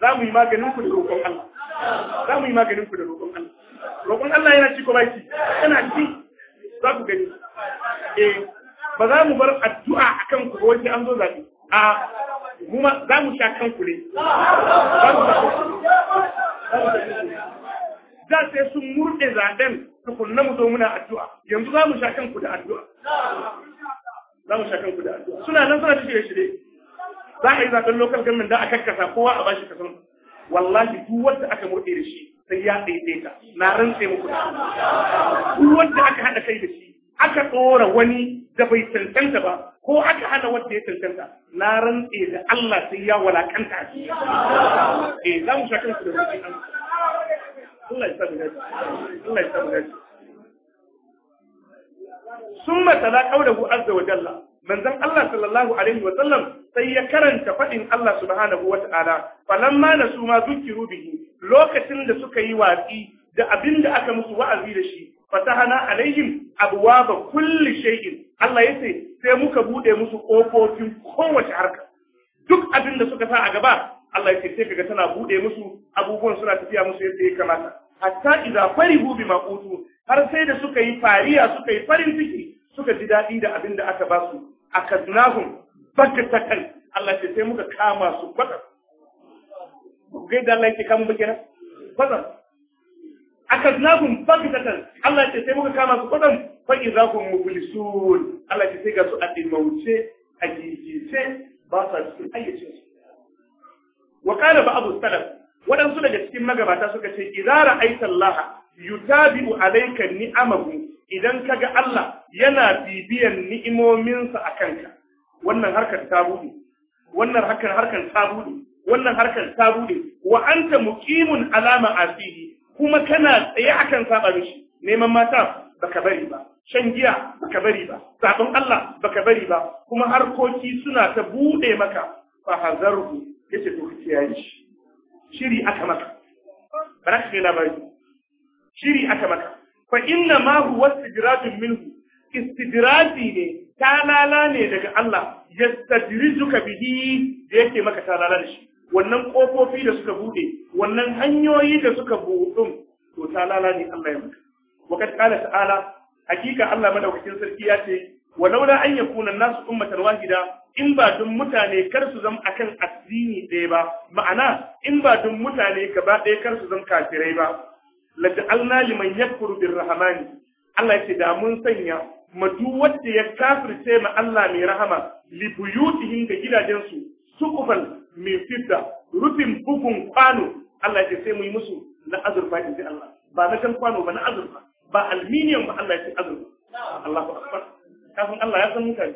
Za mu yi maganin ku da roƙon Allah. Za mu yi maganin ku da roƙon Allah. Roƙon Allah yana ci ko ba ci? Yana ci. Za ku gani. Eh, ba za mu bar addu'a akan ku ba wajen an zo zaɓe. A kuma za mu sha kan kule za sai sun murɗe zaɓen tukunna mu zo muna addu'a yanzu za mu sha kan ku da addu'a za mu sha kan ku da addu'a suna nan suna ta shirye-shirye za a yi zaɓen local government da aka kasa kowa a bashi kasan wallahi duk wanda aka murɗe da shi sai ya ta. na rantse muku da duk wanda aka haɗa kai da shi aka ɗora wani da bai cancanta ba ko aka hana wanda ya tantanta. na rantse da Allah sai ya walakanta shi eh za mu shakan su da shi. Allah ya sabu gaji Allah ya sabu gaji summa tala qawluhu azza wa jalla manzon Allah sallallahu alaihi wa sallam sai ya karanta fadin Allah subhanahu wa ta'ala falamma nasu ma zukiru bihi lokacin da suka yi watsi da abinda aka musu wa'azi da shi fatahana alaihim abwaba kulli shay'in Allah ya yace sai muka buɗe musu ƙofofin kowace harka duk abin da suka sa a gaba Allah ya ce sai kaga tana buɗe musu abubuwan suna tafiya musu yadda ya kamata hatta idza farihu bima utu har sai da suka yi fariya suka yi farin ciki suka ji daɗi da abin da aka ba su akaznahum bakatakan Allah ce sai muka kama su kwatsam gai da Allah ya ce kama ba kenan kwatsam akaznahum bakatakan Allah ce sai muka kama su kwatsam fa idza hum mublisun Allah sai ga su a dimauce a gigice ba sa cikin ayyacin su wa qala ba'd salaf waɗansu daga cikin magabata suka ce idza ra'aita Allah yutabi'u alayka ni'amahu idan kaga Allah yana bibiyan ni'imominsa a kanka. wannan harkar ta bude wannan harkar harkar ta bude wannan harkar ta bude wa anta muqimun ala ma'asihi kuma kana tsaye akan saba mishi neman mata baka bari ba shan giya baka bari ba zaɓin Allah baka bari ba kuma harkoki suna ta buɗe maka fa hazarhu yace to kiyaye shi shiri aka maka baraka kai labari shiri aka maka fa inna ma huwa istidratun minhu istidrati ne talala ne daga Allah yastadrijuka bihi da yake maka talala da shi wannan kofofi da suka buɗe, wannan hanyoyi da suka buɗe, to talala ne Allah ya maka wa kad qala ta'ala hakika Allah madaukakin sarki ya ce walaula an yakuna nasu wa gida? in ba dun mutane kar su zama akan addini ɗaya ba ma'ana in ba dun mutane gaba ɗaya kar su zama kafirai ba la ja'alna liman yakfuru birrahmani Allah ya ce da mun sanya ma duk wanda ya kafirce ma Allah mai rahama li buyutihim ga gidajensu suqufan min fidda rufin bugun kwano Allah ya ce sai mu yi musu na azurfa ji Allah ba na kan kwano ba na azurfa ba alminiyon ba Allah ya ce azurfa Allahu akbar kafin Allah ya san mutane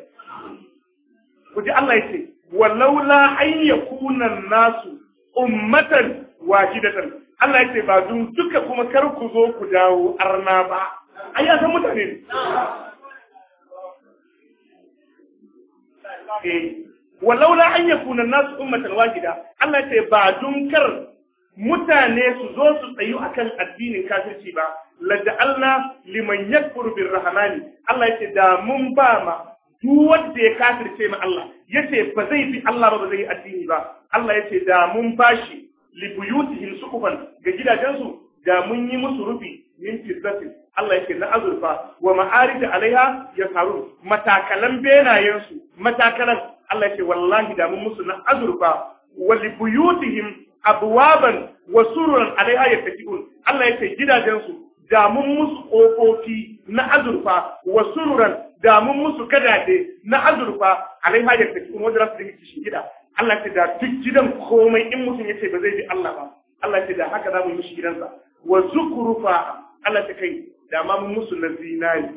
ku ji Allah ya ce walaula an yakuna nasu ummatan wahidatan Allah ya ce ba dun duka kuma kar ku zo ku dawo arna ba ai ya san mutane ne eh, walaula an yakuna nasu ummatan wahida Allah ya ce ba dun kar mutane su zo su tsayu akan addinin kafirci ba laja'alna liman yakfuru birrahmani Allah yake da mun ba ma duk wanda ya kafirce ma Allah yace ba zai bi Allah ba ba zai yi addini ba Allah yace da mun bashi li buyutihim suqufan ga gidajensu da mun yi musu rufi min fizzatin Allah yake na azurfa wa ma'arij alaiha ya faru matakalan benayensu matakalan Allah yake wallahi da mun musu na azurfa wa li buyutihim abwaban wa sururan alaiha yattaqiun Allah yake gidajensu da mun musu ƙofofi na azurfa wa sururan da mun musu kadade na azurfa alai hajar da wajen da su dinga shi gida Allah ce da duk gidan komai in mutum ya ce ba zai bi Allah ba Allah ce da haka za mu mishi gidansa wa zukurufa Allah ce kai da ma mun musu na zinari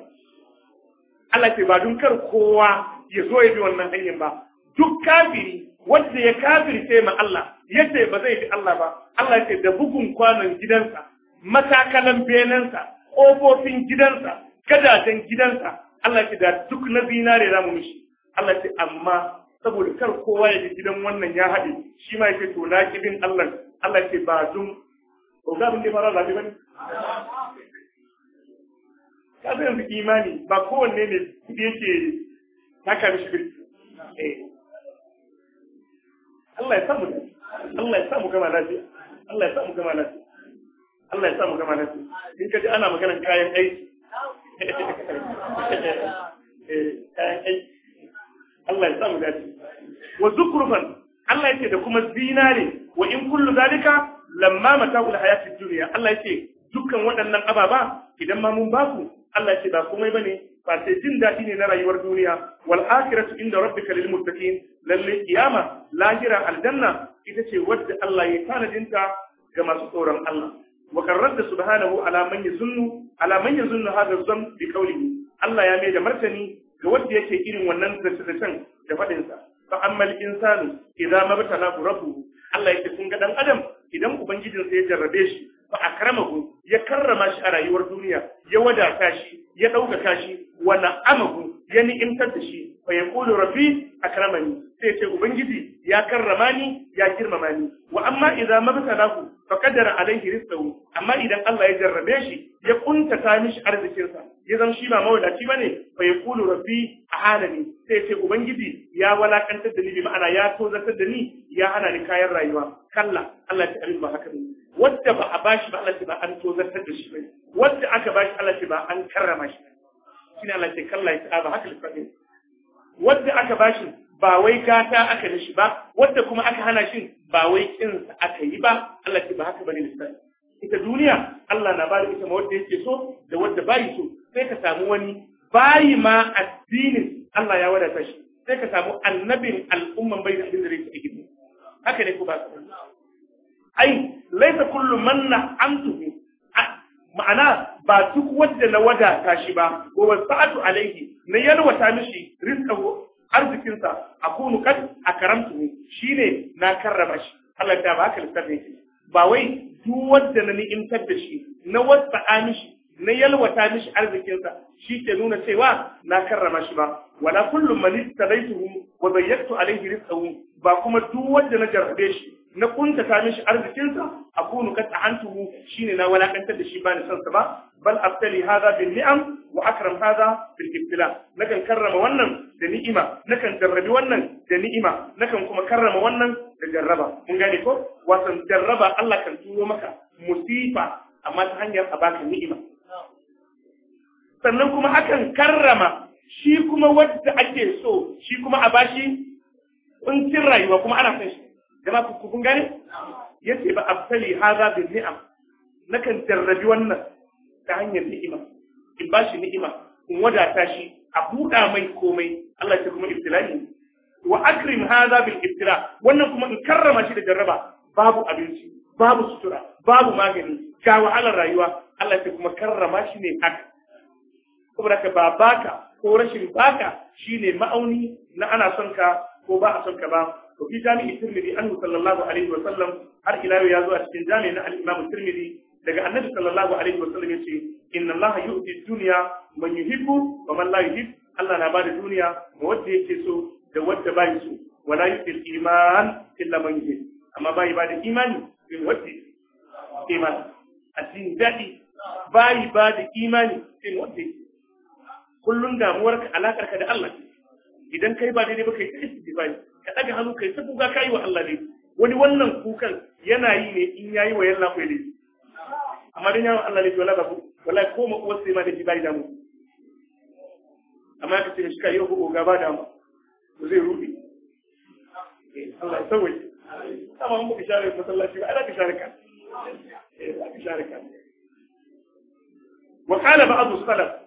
Allah ce ba dun kar kowa ya zo ya bi wannan hanyar ba duk kafiri wanda ya kafirce ma Allah ya ce ba zai bi Allah ba Allah ce da bugun kwanon gidansa matakalan benansa, ƙofofin gidansa gadajen gidansa Allah ce da duk na zinare za mu mishi Allah ce amma saboda kar kowa ya ji gidan wannan ya haɗe shi ma yake to na bin Allah Allah ce ba dun ko ga abin da fara ba bane ka san yanzu imani ba kowanne ne kudi yake taka mishi bil eh Allah ya samu Allah ya samu gama lafiya Allah ya samu gama lafiya Allah ya sa mu gama lafiya in ka ji ana maganar kayan aiki eh, kayan aiki Allah ya sa mu dace wa zukrufan Allah yake da kuma zinare wa in kullu zalika lamma mata'ul hayatid dunya Allah yake dukkan waɗannan ababa idan ma mun baku Allah yake ba komai bane ba sai jin daɗi ne na rayuwar duniya wal akhiratu inda rabbika lil muttaqin lalle kiyama lahira aljanna ita ce wadda Allah ya tanadinta ga masu tsoron Allah وكررت سبحانه subhanahu من يظن على من يظن هذا الظن بقوله الله يا ميدا ga wanda yake irin wannan zancen da faɗin sa fa ammal insanu idza mabtala rabbuhu Allah yake kun ga dan adam idan ubangijin sa ya jarrabe shi fa akramahu ya karrama shi a rayuwar duniya ya wadata shi ya ɗaukaka shi wa na'amahu ya ni'imtar da shi fa a rabbi akramani sai ce ubangiji ya karrama ni ya girmama ni wa amma idza ku. ta mishi arzikinsa ya zama shi ba mawadaci ba ne fa ya kulu rabbi a halani sai ce ubangiji ya walakantar da ni bi ma'ana ya tozartar da ni ya hana ni kayan rayuwa kalla Allah ta abin ba haka ne wanda ba a bashi ba Allah ce ba an tozartar da shi ba wanda aka bashi Allah ce ba an karrama shi shine Allah ce kalla ya ba haka lissafi wanda aka bashi ba wai gata aka da shi ba wanda kuma aka hana shi ba wai kinsa aka yi ba Allah ce ba haka bane lissafi wani bayi ma addinin Allah ya wadata shi sai ka samu annabin al'umman bai da abin da zai haka ne ku ba su ai laisa kullu man na'amtuhu ma'ana ba duk wanda na wadata shi ba wa wasa'atu alaihi na yalwata mishi rizqahu arzikinsa akunu kad akramtuhu shine na karrama shi Allah ta ba haka ba wai duk wanda na ni'imtar da shi na karewa na karrama shi ba wala kullum man istadaituhu wa bayyatu alayhi rizqahu ba kuma duk wanda na jarrabe shi na kuntata mishi arzikinsa akunu qad antuhu shine na walakantar da shi ba ni san sa ba bal abtali hadha bil ni'am wa akram hadha bil ibtila nakan karrama wannan da ni'ima nakan jarrabi wannan da ni'ima nakan kuma karrama wannan da jarraba mun gane ko wasan jarraba Allah kan turo maka musifa amma ta hanyar a baka ni'ima sannan kuma akan karrama shi kuma wadda ake so shi kuma a bashi kuncin rayuwa kuma ana son shi jama ku kun gane ce ba abtali hadha bi ni'am nakan jarrabi wannan ta hanyar ni'ima in bashi ni'ima in wadata shi a buɗa mai komai Allah ya kuma ibtila'i wa akrim haza bil ibtila wannan kuma in karrama shi da jarraba babu abinci babu sutura babu magani ga wahalar rayuwa Allah ya kuma karrama shi ne haka saboda ka ba baka ko rashin baka shine ma'auni na ana son ka ko ba a son ka ba to fi jami'i tirmidhi annabi sallallahu alaihi wa sallam har ila ya zo a cikin jami'i na al-imam tirmidhi daga annabi sallallahu alaihi wa sallam yace inna allaha yu'ti dunya man yuhibbu wa man la yuhibbu Allah na bada duniya ma wanda yake so da wanda bai so wala yu'ti al-iman illa man yuhibbu amma bai ba da imani sai wanda imani addini dadi bai ba da imani sai wanda yake kullun damuwarka alakarka da Allah idan kai ba daidai ba kai ta istighfari ka daga hannu kai ta kuka kai wa Allah ne wani wannan kukan yana yi ne in yayi wa yalla ko ne amma dan yawa Allah ne wala ba wallahi ko mu uwar ma da shi bai damu amma ka ce shi kai ko ga ba damu to zai rubi eh, Allah ya sauke amma mun ku share masallaci ba ala ku share ka eh ku share ka وقال بعض السلف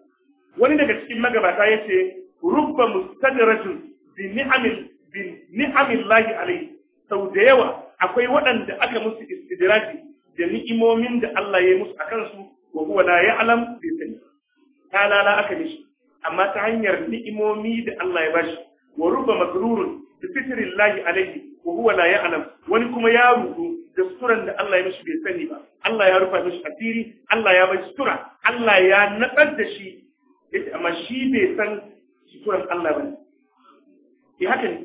wani daga cikin magabata ya ce rubba mustadrajun bi ni'amil bi ni'amillahi alai sau da yawa akwai waɗanda aka musu istidraji da ni'imomin da Allah ya yi musu akan su wa huwa la ya'lam bi sani ta lala aka mishi amma ta hanyar ni'imomi da Allah ya bashi wa rubba magrurun bi fitrillahi alaihi wa huwa la ya'lam wani kuma ya rubu da suturan da Allah ya mishi bai sani ba Allah ya rufa mishi asiri Allah ya bai sutura Allah ya natsar da shi amma shi bai san suturan Allah bane eh haka ne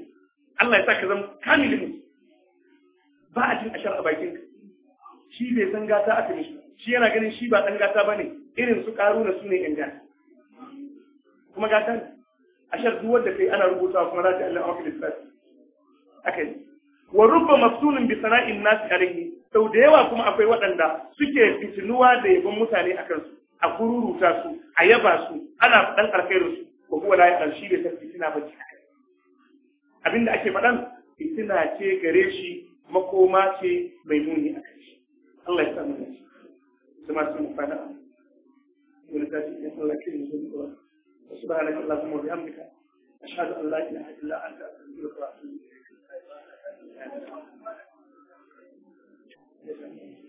Allah ya sa ka zama kamilin ba a jin ashar a bakin ka shi bai san gata a kan shi shi yana ganin shi ba san gata bane irin su karu na su ne yan gata kuma gata ne ashar duk wanda kai ana rubutawa kuma za ta Allah a Islam. lissafi akai wa rubba maftunin bi sana'in nas alayhi sau da yawa kuma akwai waɗanda suke fitinuwa da yabon mutane a kansu a kururuta su a yaba su ana faɗan alkhairin su ko kuwa lai an shi da san fitina ba ce abinda ake faɗan fitina ce gare shi makoma ce mai muni a kai shi Allah ya sa mu dace kuma sun fada wani tashi idan Allah ke yin zuwa wa subhanaka allahumma wa bihamdika ashhadu an la ilaha illa anta astaghfiruka wa atubu ilayk Thank you.